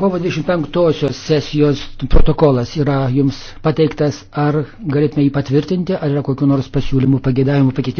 Kovo 25 sesijos protokolas yra jums pateiktas, ar galėtume jį patvirtinti, ar yra kokiu nors pasiūlymų, pagėdavimų pakeitimų?